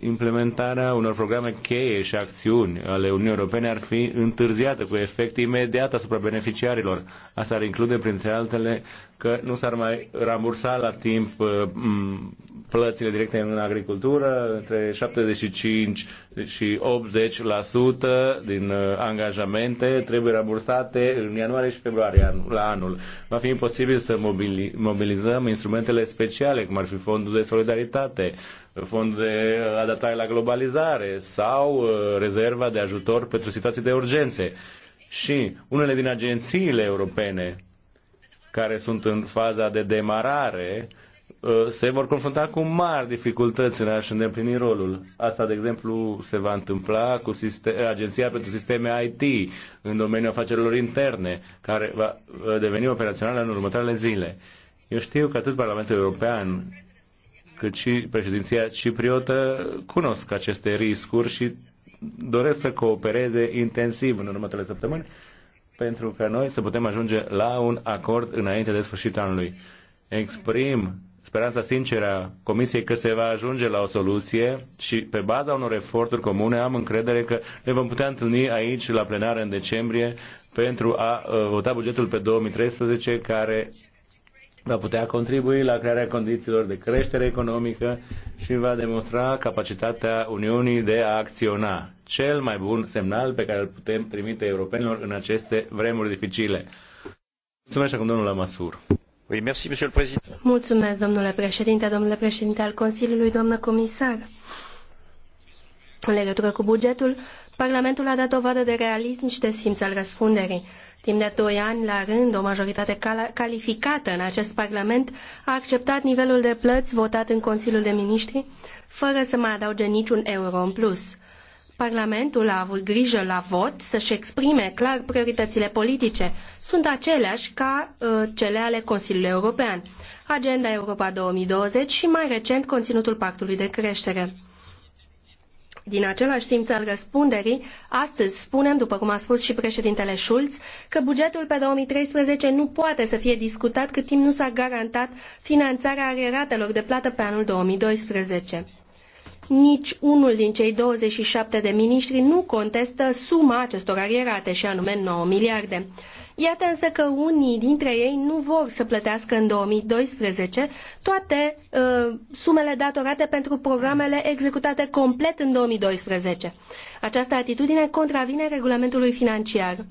implementarea unor programe cheie și acțiuni ale Uniunii Europene ar fi întârziată cu efect imediat asupra beneficiarilor. Asta ar include, printre altele, că nu s-ar mai rambursa la timp uh, plățile directe în agricultură, între 75 și 80% din uh, angajamente trebuie rambursate în ianuarie și februarie la anul. Va fi imposibil să mobilizăm instrumentele speciale, cum ar fi fondul de solidaritate, fondul de adaptare la globalizare sau uh, rezerva de ajutor pentru situații de urgențe. Și unele din agențiile europene care sunt în faza de demarare uh, se vor confrunta cu mari dificultăți în a-și îndeplini rolul. Asta, de exemplu, se va întâmpla cu Agenția pentru Sisteme IT în domeniul afacerilor interne, care va uh, deveni operațională în următoarele zile. Eu știu că atât Parlamentul European cât și președinția cipriotă cunosc aceste riscuri și doresc să coopereze intensiv în următoarele săptămâni pentru ca noi să putem ajunge la un acord înainte de sfârșitul anului. Exprim speranța sinceră a Comisiei că se va ajunge la o soluție și pe baza unor eforturi comune am încredere că ne vom putea întâlni aici la plenară în decembrie pentru a uh, vota bugetul pe 2013 care va putea contribui la crearea condițiilor de creștere economică și va demonstra capacitatea Uniunii de a acționa. Cel mai bun semnal pe care îl putem trimite europenilor în aceste vremuri dificile. Mulțumesc acum domnul Lamasur. Oui, merci, monsieur le président. Mulțumesc, domnule președinte, domnule președinte al Consiliului, doamnă comisar. În legătură cu bugetul, Parlamentul a dat dovadă de realism și de simț al răspunderii. Timp de doi ani la rând, o majoritate calificată în acest Parlament a acceptat nivelul de plăți votat în Consiliul de Ministri, fără să mai adauge niciun euro în plus. Parlamentul a avut grijă la vot să-și exprime clar prioritățile politice. Sunt aceleași ca uh, cele ale Consiliului European, Agenda Europa 2020 și mai recent conținutul Pactului de Creștere. Din același simț al răspunderii, astăzi spunem, după cum a spus și președintele Schulz, că bugetul pe 2013 nu poate să fie discutat cât timp nu s-a garantat finanțarea arieratelor de plată pe anul 2012. Nici unul din cei 27 de miniștri nu contestă suma acestor arierate, și anume 9 miliarde. Iată însă că unii dintre ei nu vor să plătească în 2012 toate uh, sumele datorate pentru programele executate complet în 2012. Această atitudine contravine regulamentului financiar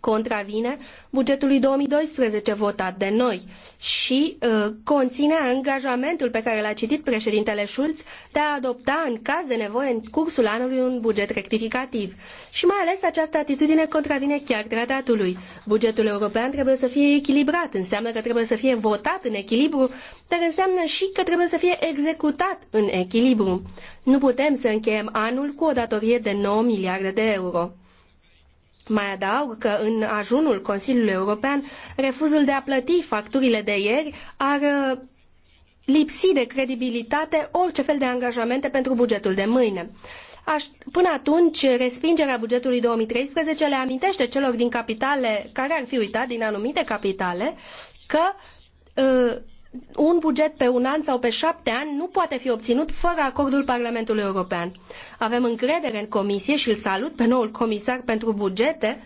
contravine bugetului 2012 votat de noi și uh, conține angajamentul pe care l-a citit președintele Schulz de a adopta în caz de nevoie în cursul anului un buget rectificativ. Și mai ales această atitudine contravine chiar tratatului. Bugetul european trebuie să fie echilibrat, înseamnă că trebuie să fie votat în echilibru, dar înseamnă și că trebuie să fie executat în echilibru. Nu putem să încheiem anul cu o datorie de 9 miliarde de euro. Mai adaug că în ajunul Consiliului European, refuzul de a plăti facturile de ieri ar uh, lipsi de credibilitate orice fel de angajamente pentru bugetul de mâine. Aș, până atunci, respingerea bugetului 2013 le amintește celor din capitale care ar fi uitat, din anumite capitale, că uh, un buget pe un an sau pe șapte ani nu poate fi obținut fără acordul Parlamentului European. Avem încredere în comisie și îl salut pe noul comisar pentru bugete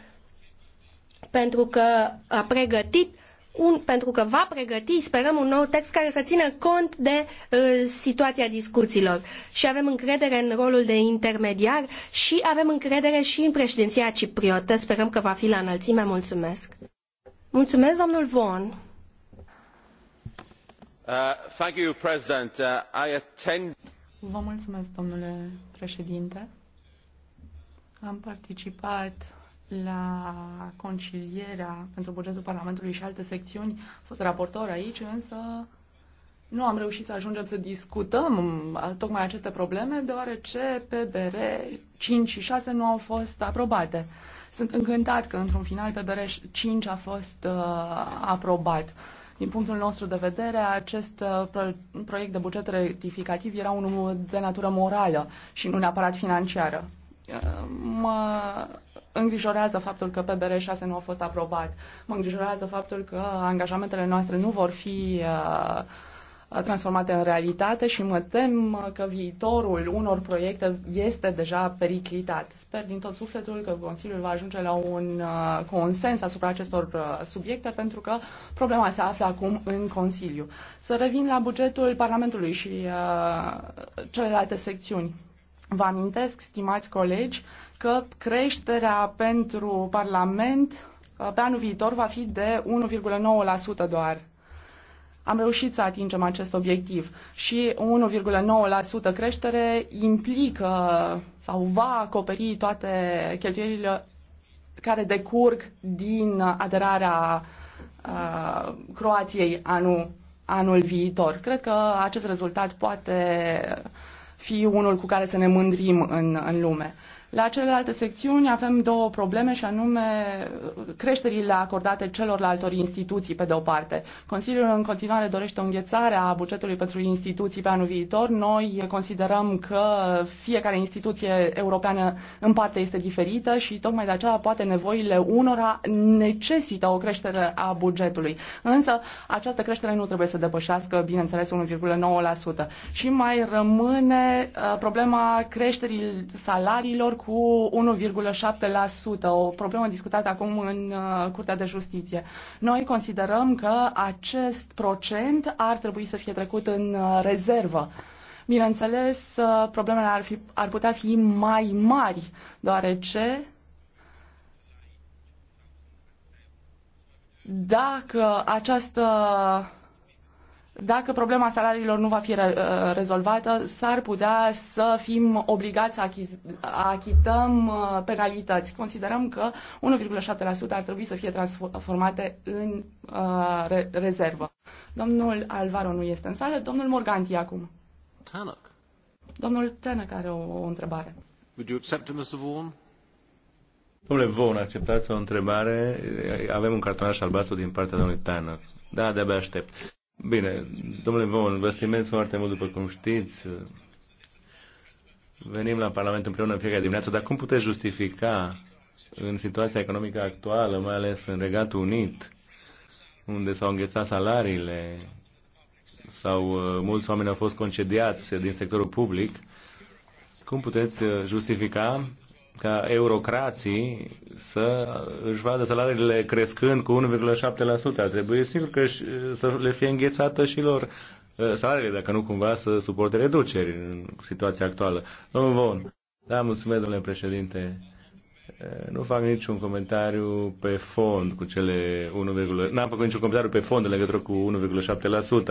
pentru că a pregătit un, pentru că va pregăti, sperăm, un nou text care să țină cont de uh, situația discuțiilor. Și avem încredere în rolul de intermediar și avem încredere și în președinția cipriotă. Sperăm că va fi la înălțime. Mulțumesc! Mulțumesc, domnul Vaughan! Uh, uh, mulțumesc, domnule președinte. Am participat la concilierea pentru bugetul Parlamentului și alte secțiuni. A fost raportor aici, însă nu am reușit să ajungem să discutăm uh, tocmai aceste probleme, deoarece PBR 5 și 6 nu au fost aprobate. Sunt încântat că, într-un final, PBR 5 a fost uh, aprobat. Uh, din punctul nostru de vedere, acest uh, proiect de buget rectificativ era unul de natură morală și nu neapărat financiară. Uh, mă îngrijorează faptul că PBR 6 nu a fost aprobat. Mă îngrijorează faptul că angajamentele noastre nu vor fi uh, transformate în realitate și mă tem că viitorul unor proiecte este deja periclitat. Sper din tot sufletul că Consiliul va ajunge la un uh, consens asupra acestor uh, subiecte pentru că problema se află acum în Consiliu. Să revin la bugetul Parlamentului și uh, celelalte secțiuni. Vă amintesc, stimați colegi, că creșterea pentru Parlament uh, pe anul viitor va fi de 1,9% doar am reușit să atingem acest obiectiv și 1,9% creștere implică sau va acoperi toate cheltuielile care decurg din aderarea uh, Croației anul, anul viitor. Cred că acest rezultat poate fi unul cu care să ne mândrim în, în lume. La celelalte secțiuni avem două probleme și anume uh, creșterile acordate celorlalte instituții pe de o parte. Consiliul în continuare dorește o înghețare a bugetului pentru instituții pe anul viitor. Noi considerăm că fiecare instituție europeană în parte este diferită și tocmai de aceea poate nevoile unora necesită o creștere a bugetului. Însă această creștere nu trebuie să depășească, bineînțeles, 1,9%. Și mai rămâne uh, problema creșterii salariilor cu 1,7%, o problemă discutată acum în uh, Curtea de Justiție. Noi considerăm că acest procent ar trebui să fie trecut în uh, rezervă. Bineînțeles, uh, problemele ar, fi, ar putea fi mai mari, deoarece dacă această dacă problema salariilor nu va fi re- uh, rezolvată, s-ar putea să fim obligați să achiz- achităm uh, penalități. Considerăm că 1,7% ar trebui să fie transformate în uh, re- rezervă. Domnul Alvaro nu este în sală, domnul Morganti acum. Tanăc. Domnul Tanăc are o, o întrebare. Would you accept it, Mr. Vaughan? Domnule Vaughan, acceptați o întrebare? Avem un cartonaș albastru din partea domnului Tanăc. Da, de-abia aștept. Bine, domnule Von, vă stimez foarte mult, după cum știți. Venim la Parlament împreună în fiecare dimineață, dar cum puteți justifica în situația economică actuală, mai ales în Regatul Unit, unde s-au înghețat salariile sau uh, mulți oameni au fost concediați din sectorul public, cum puteți uh, justifica ca eurocrații să își vadă salariile crescând cu 1,7%. Ar trebui sigur că să le fie înghețată și lor uh, salariile, dacă nu cumva să suporte reduceri în situația actuală. Domnul Von. Da, mulțumesc, domnule președinte. Eh, nu fac niciun comentariu pe fond cu cele 1, n-am făcut niciun comentariu pe fond în legătură cu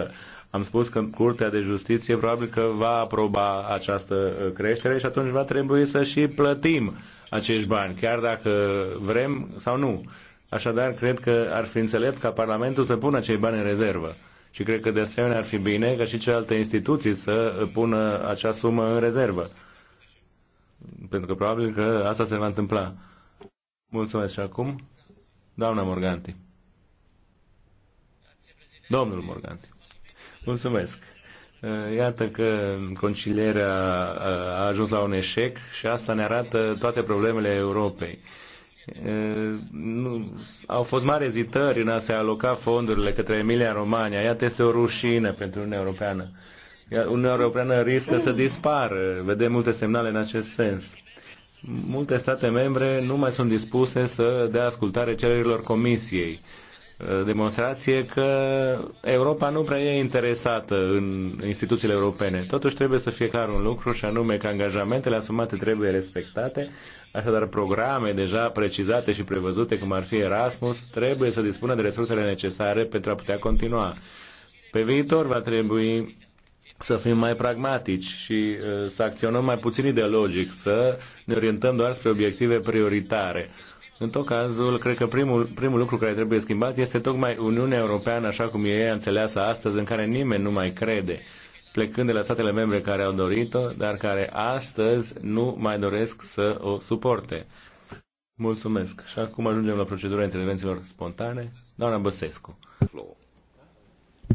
1,7%. Am spus că Curtea de Justiție probabil că va aproba această eh, creștere și atunci va trebui să și plătim acești bani, chiar dacă vrem sau nu. Așadar, cred că ar fi înțelept ca Parlamentul să pună acei bani în rezervă. Și cred că de asemenea ar fi bine ca și celelalte instituții să eh, pună acea sumă în rezervă pentru că probabil că asta se va întâmpla. Mulțumesc și acum, doamna Morganti. Domnul Morganti. Mulțumesc. Iată că concilierea a ajuns la un eșec și asta ne arată toate problemele Europei. Nu, au fost mari ezitări în a se aloca fondurile către Emilia românia Iată, este o rușine pentru Uniunea Europeană. Uniunea Europeană riscă să dispară. Vedem multe semnale în acest sens. Multe state membre nu mai sunt dispuse să dea ascultare cererilor Comisiei demonstrație că Europa nu prea e interesată în instituțiile europene. Totuși trebuie să fie clar un lucru și anume că angajamentele asumate trebuie respectate, așadar programe deja precizate și prevăzute, cum ar fi Erasmus, trebuie să dispună de resursele necesare pentru a putea continua. Pe viitor va trebui să fim mai pragmatici și să acționăm mai puțin ideologic, să ne orientăm doar spre obiective prioritare. În tot cazul, cred că primul, primul lucru care trebuie schimbat este tocmai Uniunea Europeană, așa cum e înțeleasă astăzi, în care nimeni nu mai crede, plecând de la statele membre care au dorit-o, dar care astăzi nu mai doresc să o suporte. Mulțumesc. Și acum ajungem la procedura intervențiilor spontane. Doamna Băsescu. Flo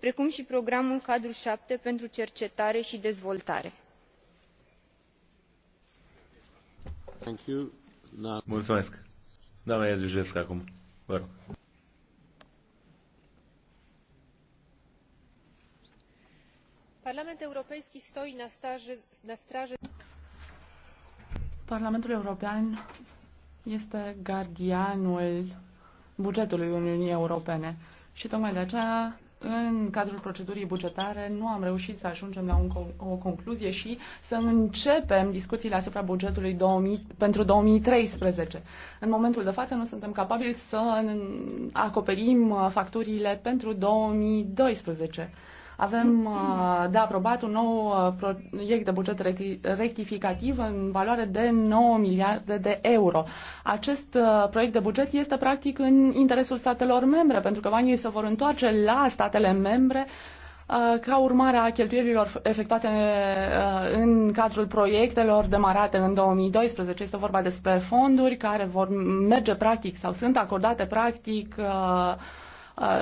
precum i programul cadru șapte pentru cercetare i dezvoltare. Mulțumesc. Parlamentul European este gardianul bugetului Uniunii Europene și tocmai de aceea în cadrul procedurii bugetare nu am reușit să ajungem la un, o concluzie și să începem discuțiile asupra bugetului 2000, pentru 2013. În momentul de față nu suntem capabili să acoperim uh, facturile pentru 2012. Avem uh, de aprobat un nou uh, proiect de buget rectificativ în valoare de 9 miliarde de euro. Acest uh, proiect de buget este practic în interesul statelor membre, pentru că banii se vor întoarce la statele membre ca urmare a cheltuielilor efectuate în cadrul proiectelor demarate în 2012. Este vorba despre fonduri care vor merge practic sau sunt acordate practic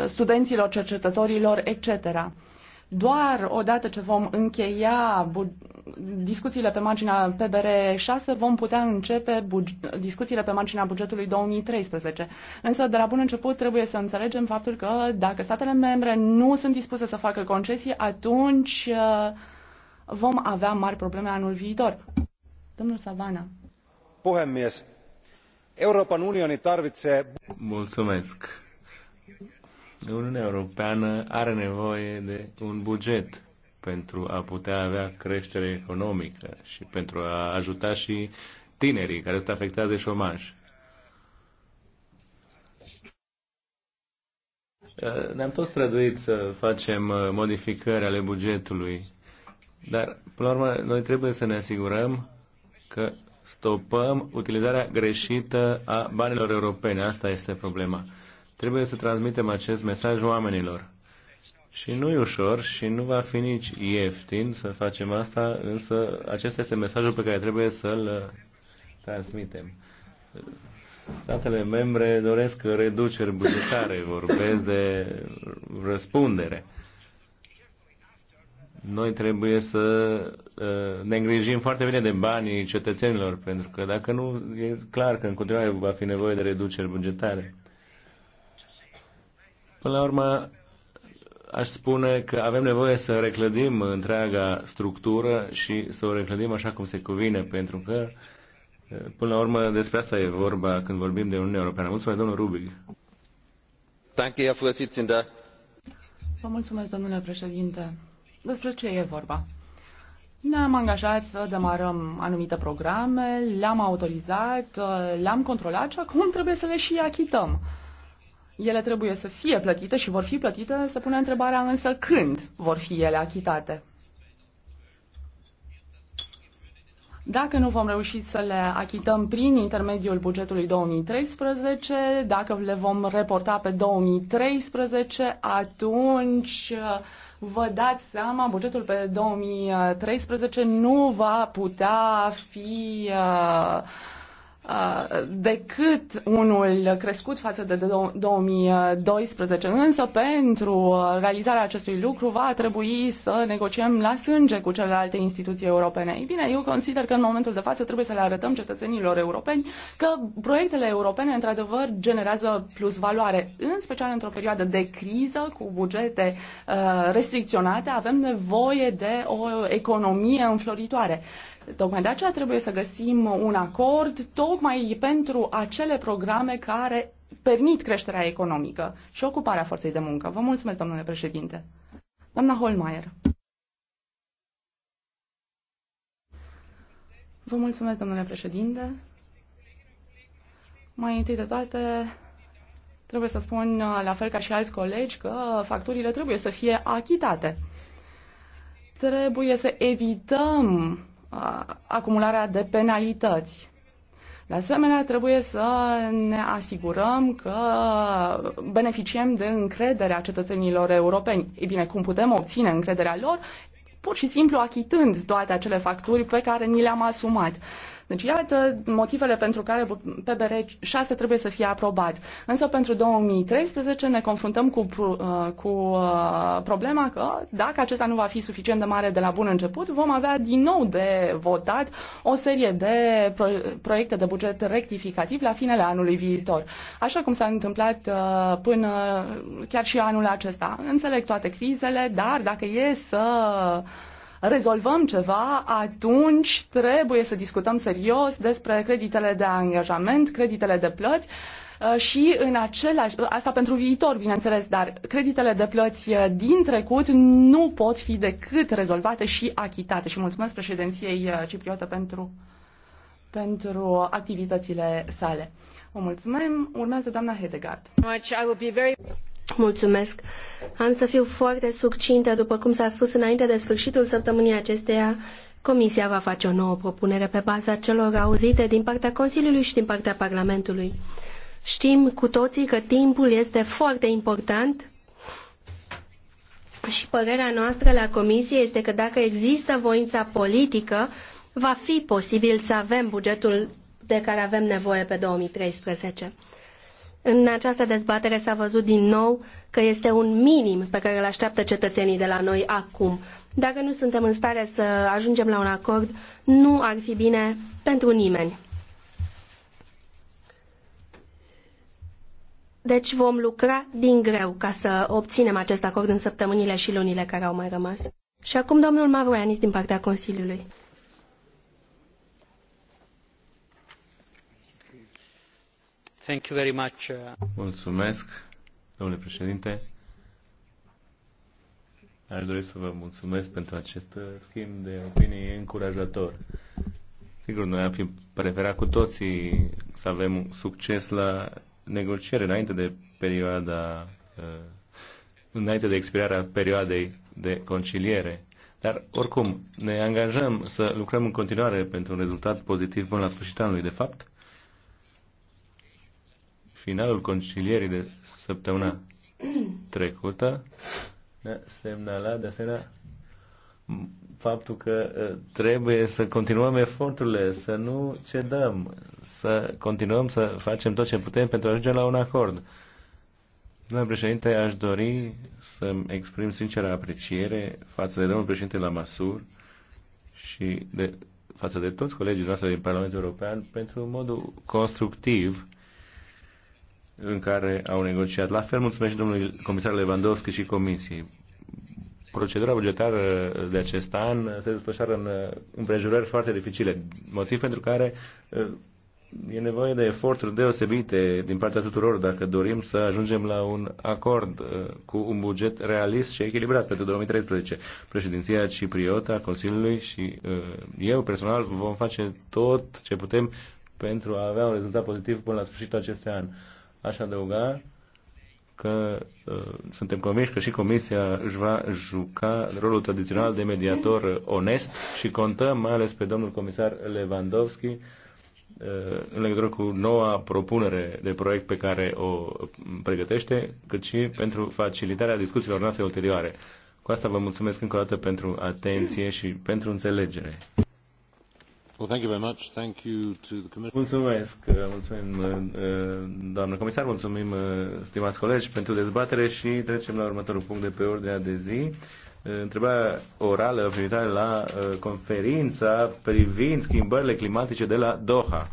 studenților, cercetătorilor, etc. Doar odată ce vom încheia discuțiile pe marginea PBR 6 vom putea începe discuțiile pe marginea bugetului 2013. Însă, de la bun început, trebuie să înțelegem faptul că dacă statele membre nu sunt dispuse să facă concesii, atunci uh, vom avea mari probleme anul viitor. Domnul Savana. Puhemies. europa unioni tarvitsee... Mulțumesc Uniunea Europeană are nevoie de un buget pentru a putea avea creștere economică și pentru a ajuta și tinerii care sunt afectați de șomaj. Ne-am tot străduit să facem uh, modificări ale bugetului, dar, până la urmă, noi trebuie să ne asigurăm că stopăm utilizarea greșită a banilor europene. Asta este problema. Trebuie să transmitem acest mesaj oamenilor. Și nu e ușor și nu va fi nici ieftin să facem asta, însă acesta este mesajul pe care trebuie să-l uh, transmitem. Statele membre doresc reduceri bugetare, vorbesc de răspundere. Noi trebuie să uh, ne îngrijim foarte bine de banii cetățenilor, pentru că dacă nu, e clar că în continuare va fi nevoie de reduceri bugetare. Până la urmă, aș spune că avem nevoie să reclădim întreaga structură și să o reclădim așa cum se cuvine, pentru că, până la urmă, despre asta e vorba când vorbim de Uniunea Europeană. Mulțumesc, domnul Rubic. Vă mulțumesc, domnule președinte. Despre ce e vorba? Ne-am angajat să demarăm anumite programe, le-am autorizat, le-am controlat și acum trebuie să le și achităm ele trebuie să fie plătite și vor fi plătite, se pune întrebarea însă când vor fi ele achitate. Dacă nu vom reuși să le achităm prin intermediul bugetului 2013, dacă le vom reporta pe 2013, atunci uh, vă dați seama, bugetul pe 2013 nu va putea fi uh, Uh, decât unul crescut față de 2012, însă pentru uh, realizarea acestui lucru va trebui să negociem la sânge cu celelalte instituții europene. Ei bine, eu consider că în momentul de față trebuie să le arătăm cetățenilor europeni că proiectele europene într-adevăr generează plus valoare, în special într-o perioadă de criză cu bugete uh, restricționate, avem nevoie de o economie înfloritoare. Tocmai de aceea trebuie să găsim un acord tocmai pentru acele programe care permit creșterea economică și ocuparea forței de muncă. Vă mulțumesc, domnule președinte. Doamna Holmeier. Vă mulțumesc, domnule președinte. Mai întâi de toate, trebuie să spun, la fel ca și alți colegi, că facturile trebuie să fie achitate. Trebuie să evităm acumularea de penalități. De asemenea, trebuie să ne asigurăm că beneficiem de încrederea cetățenilor europeni. Ei bine, cum putem obține încrederea lor? Pur și simplu achitând toate acele facturi pe care ni le-am asumat. Uh, deci, iată motivele pentru care PBR 6 trebuie să fie aprobat. Însă, pentru 2013 ne confruntăm cu, uh, cu uh, problema că, dacă acesta nu va fi suficient de mare de la bun început, vom avea din nou de votat o serie de pro proiecte de buget rectificativ la finele anului viitor. Așa cum s-a întâmplat uh, până chiar și anul acesta. Înțeleg toate crizele, dar dacă e să rezolvăm ceva, atunci trebuie să discutăm serios despre creditele de angajament, creditele de plăți, uh, și în același, asta pentru viitor, bineînțeles, dar creditele de plăți uh, din trecut nu pot fi decât rezolvate și achitate. Și mulțumesc președinției uh, cipriotă pentru, pentru activitățile sale. O mulțumim. Urmează doamna Hedegaard. Mulțumesc. Am să fiu foarte succintă. După cum s-a spus înainte de sfârșitul săptămânii acesteia, Comisia va face o nouă propunere pe baza celor auzite din partea Consiliului și din partea Parlamentului. Știm cu toții că timpul este foarte important și părerea noastră la Comisie este că dacă există voința politică, va fi posibil să avem bugetul de care avem nevoie pe 2013. În această dezbatere s-a văzut din nou că este un minim pe care îl așteaptă cetățenii de la noi acum. Dacă nu suntem în stare să ajungem la un acord, nu ar fi bine pentru nimeni. Deci vom lucra din greu ca să obținem acest acord în săptămânile și lunile care au mai rămas. Și acum domnul Mavroianis din partea Consiliului. Thank you very much. Uh, mulțumesc, domnule președinte. Aș dori să vă mulțumesc pentru acest schimb de opinii încurajator. Sigur, noi am fi preferat cu toții să avem succes la negociere înainte de perioada uh, înainte de expirarea perioadei de conciliere. Dar, oricum, ne angajăm să lucrăm în continuare pentru un rezultat pozitiv până la sfârșitul anului. De fapt, finalul concilierii de săptămâna trecută ne-a semnalat de asemenea faptul că uh, trebuie să continuăm eforturile, să nu cedăm, să continuăm să facem tot ce putem pentru a ajunge la un acord. Domnule președinte, aș dori să-mi exprim sinceră apreciere față de domnul președinte la Masur și de, față de toți colegii noastre din Parlamentul European pentru modul constructiv în care au negociat. La fel mulțumesc și domnului comisar Lewandowski și comisiei. Procedura bugetară de acest an se desfășoară în uh, împrejurări foarte dificile, motiv pentru care uh, e nevoie de eforturi deosebite din partea tuturor dacă dorim să ajungem la un acord uh, cu un buget realist și echilibrat pentru 2013. Președinția Cipriota a Consiliului și eu personal vom face tot ce putem pentru a avea un rezultat pozitiv până la sfârșitul acestui an. Aș adăuga că uh, suntem convinși că și Comisia își va juca rolul tradițional de mediator onest și contăm mai ales pe domnul comisar Lewandowski uh, în legătură cu noua propunere de proiect pe care o pregătește, cât și pentru facilitarea discuțiilor noastre ulterioare. Cu asta vă mulțumesc încă o dată pentru atenție și pentru înțelegere. Mulțumesc, uh, mulțumim, uh, uh, doamnă comisar, mulțumim, stimați colegi, pentru dezbatere și trecem la următorul punct de pe ordinea de zi. Întrebarea orală privitoare la conferința privind schimbările climatice de la Doha.